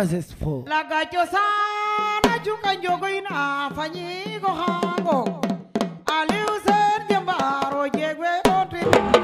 was his fault? Lagacho sana chuka a inafanyiko hango aliuser jembaro jegwe otri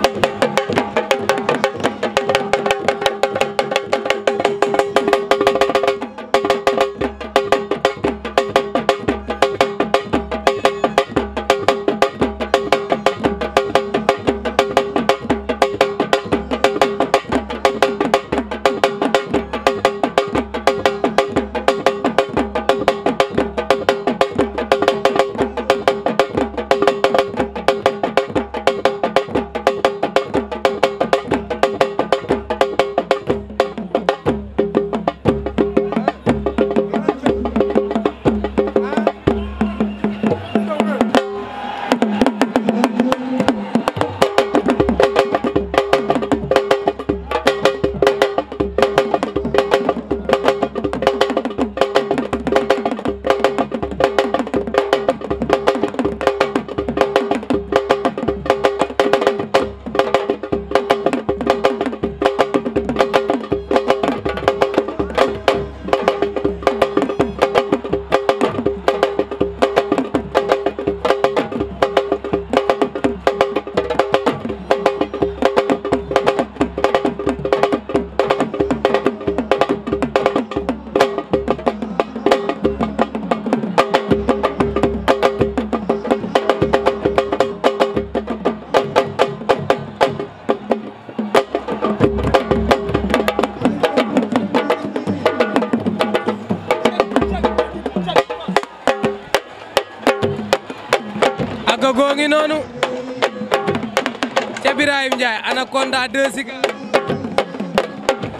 ca Birahim Ndiaye Anaconda 2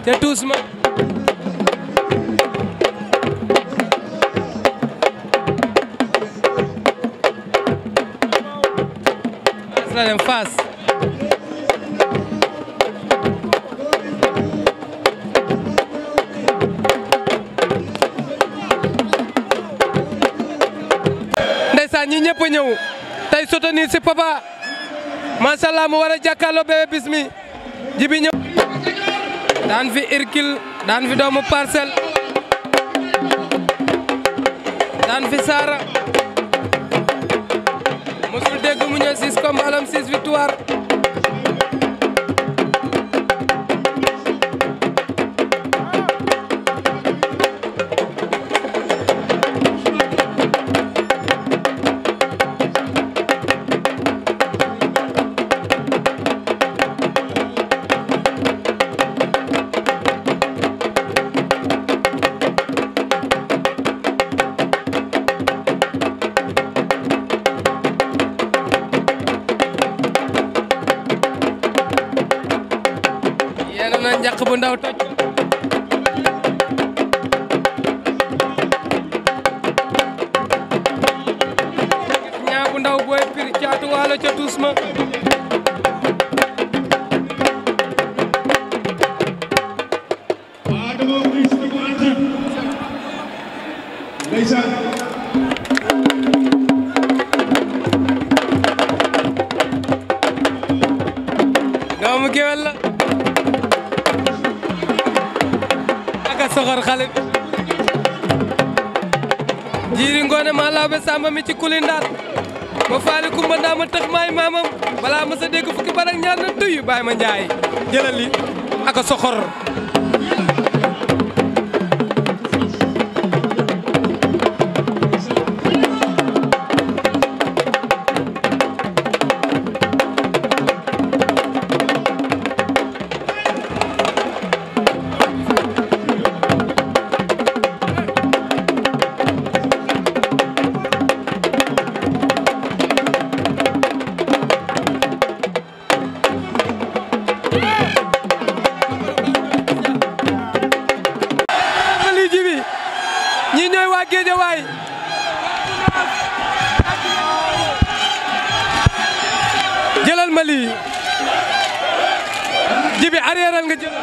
ca Tousma Fass la dem ñi ñëpp a ñëw tey soutenir si papa macha allah mu war a Bismi jibi ñëw daan fi Hercule daan fi doomu Parcelles daan fi Sara mosul dégg mu ñëw six combats nee na njaq bu ndaw toj ñaa bu ndaw booy pir caatu waalo ca tuus ma doomu géwél la soxor xale bi jiiri ngoone maa laabe samba mi ci kulindaar ma faali kumba ndaa ma tëx maay maamam balaa ma dégg fukki barak ñaar na duyu bàyyi ma njaay jëlal aka soxor leeral nga jël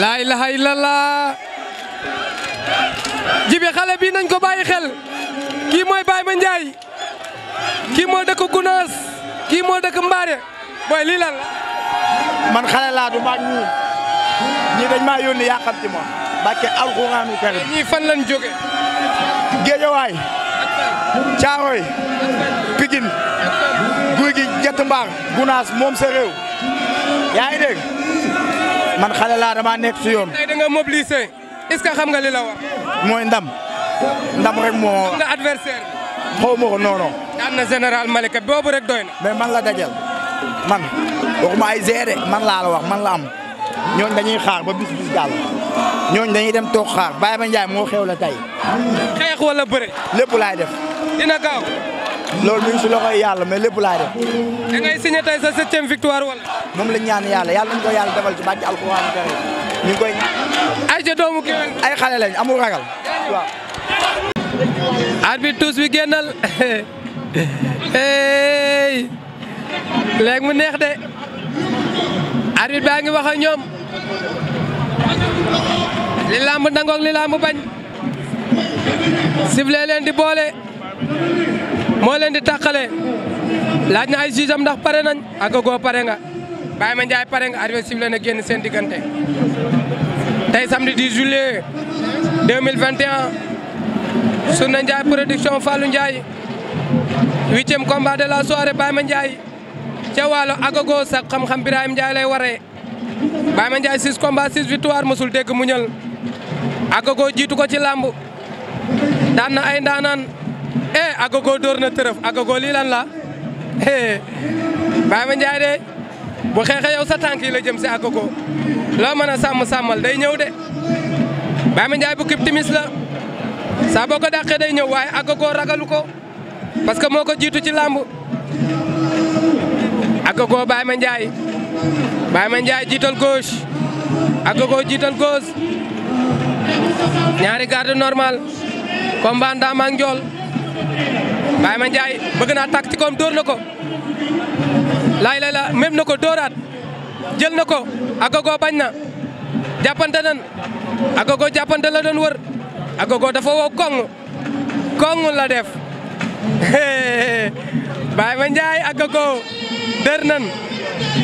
laa ilaha illallah jibi xale bii nañ ko bàyyi xel kii mooy Baye Ma Ndiaye kii moo dëkk Gunaas kii moo dëkk Mbaare booy lii lan la man xale laa du maag ñii ñii dañ maa yónni yàqam ci ma bàkke alxuraanu karim ñii fan lañ jóge géejawaay Caaroy Pikine guy gi jett gunaas moom sa réew yaa man xale laa dama nekk ci yoon. tey da nga mobiliser est-ce que xam nga li la wax. mooy ndam ndam rek moo. xam nga adversaire bi. xaw ma ko non na général Malika boobu rek doy na. man la dajal man waxuma ay gérer man laa la wax man la am ñooñ dañuy xaar ba bis bis daal ñooñ dañuy dem toog xaar Baye Mandiaye moo xew la tey. xeex wala bëre. lépp laay def. dina gaaw. loolu mi si loxoy yàlla mais lépp laay def. da ngay signé tey sa septième victoire wala. moom la ñaan yàlla yàlla nañu ko yàlla defal ci bàjj alxuraan kare ñu ngi koy ñaan. ay ca doomu amul ragal waaw. arbitre mu neex de arbitre baa ngi wax ak ñoom li làmb nangoog bañ sifflé leen di boole. moo leen di tàqale laaj na ay siisam ndax pare nañ Agogo pare nga Baye Mandiaye pare nga arbitre sifflé na génn seen diggante tey samedi di juillet 2021 Sourna Ndiaye production Fallou Ndiaye huitième combat de la soirée Baye Mandiaye ca Waalo Agogo sa xam-xam Birahim Ndiaye lay waree Baye Mandiaye 6 combats 6 victoires mosul dégg mu ñël Agogo jiitu ko ci làmb daan ay ndaanaan eh Agogo dóor na tërëf Agogo lii lan la eh, Baye Mandiaye de bu xeexee yow sa tànk yi la jëm si Agogo loo mën a sàmm sàmmal day ñëw de ma Mandiaye bu kib timis la boo ko dàqee day ñëw waaye Agogo ragalu ko parce que moo ko jiitu ci làmb Agogo Baye Mandiaye Baye Mandiaye jiital gauche Agogo jiital gauche ñaari garde normal combat Ndama ak Ndiol Baye Mandiaye bëgg naa tàkk ci koom dóor na ko laay lay la même na ko dóoraat jël na ko Agogo bañ na jàppante nan Agogo jàppante la doon wër Agogo dafa wow koŋŋ koŋŋ la def Baye Mandiaye Agogo dër nan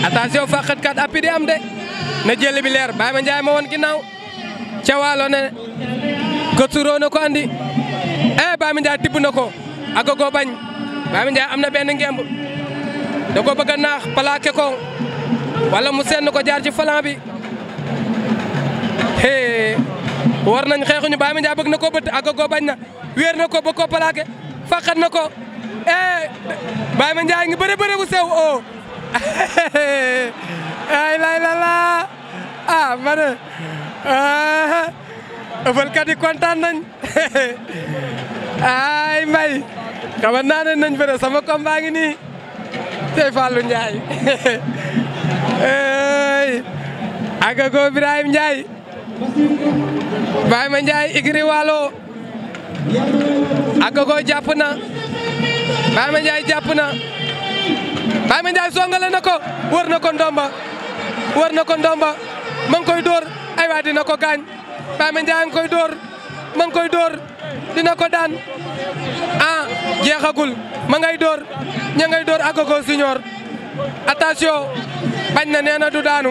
attention fàqat kat appi di am de na jël bi leer Baye Mandiaye ma woon ginnaaw cawaalo ne ko ko andi Bami Ndiaye tibb na ko Agogo bañ Bami Ndiaye am na benn ngemb da ko bëgg mu senn ko jaar ci falan bi nañ xeexuñu Bami Ndiaye bëgg na ko bët Agogo bañ na ko ba ko plaqué faqat ko eh Bami Ndiaye ngi bëre sew o ay lay la laa ah man ah, ëppalkat yi kontaan nañ ay mbay xamal naa ne nañ bëre sama combat ngi nii tey Fallou Ndiaye agago Ibrahim Ndiaye Baye ma Ndiaye igri waalo agago jàpp na Baye ma Ndiaye jàpp na Baye ma Ndiaye songale na ko wër na ko ndomba wër na ko ndomba man koy dóor ay waa dina ko gaañ Baye ma Ndiaye nga koy dóor ma koy dóor dina ko daan ah jeexagul ma ngay door ña ngay door agogo siñoor attention bañ na nee na du daanu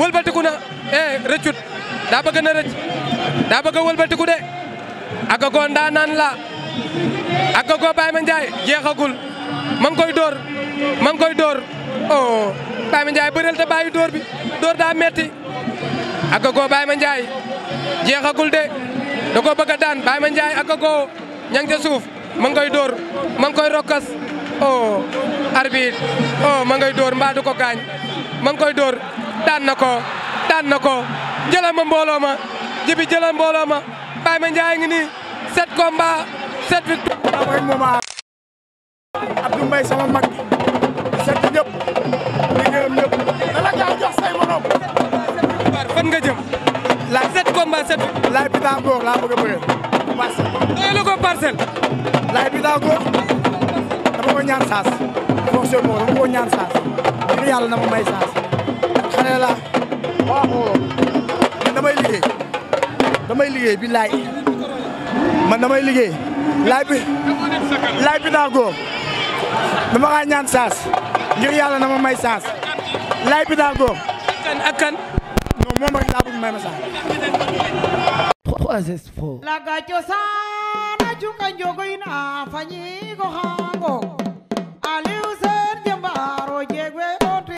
wëlbatiku na eh rëccut daa bëgg na rëcc daa wëlbatiku de agogo ndaanaan la agogo Baye Mandiaye jeexagul ma ngi koy door ma koy door oh Baye Mandiaye bëreel te bàyyi door bi door daa metti agogo Baye Mandiaye jeexagul de. da koo bëgg a daan Baye Mandiaye ak Agogo ña ngi ca suuf ma ngi koy dóor ma ngi koy rokkas oh arbitre oh ma ngay door mbaa du ko gaañ ma ngi koy dóor daan na ko daan na ko jëla ma mbooloo ma jibi jëlal mbooloo ma Baye Mandiaye ngi nii sept combat sept victoire. Abdou Mbaye sama mag combat set. Laye Pythagore laa bëgg a bëgg parcelle. doy eh, na ko parcelle. Laye Pythagore dama ko ñaan saas. fonction boobu dama ko saas. ngir yàlla na ma may saas. xale la waaw man damay liggéey. damay liggéey bi laay man damay liggéey. Laye bi Laye Pythagore dama kaa ñaan saas. ngir yàlla na ma may saas. Laye Pythagore. ak kan ak non moom rek laa bëgg may ma sax. 3S Pro. la gàcce saana juka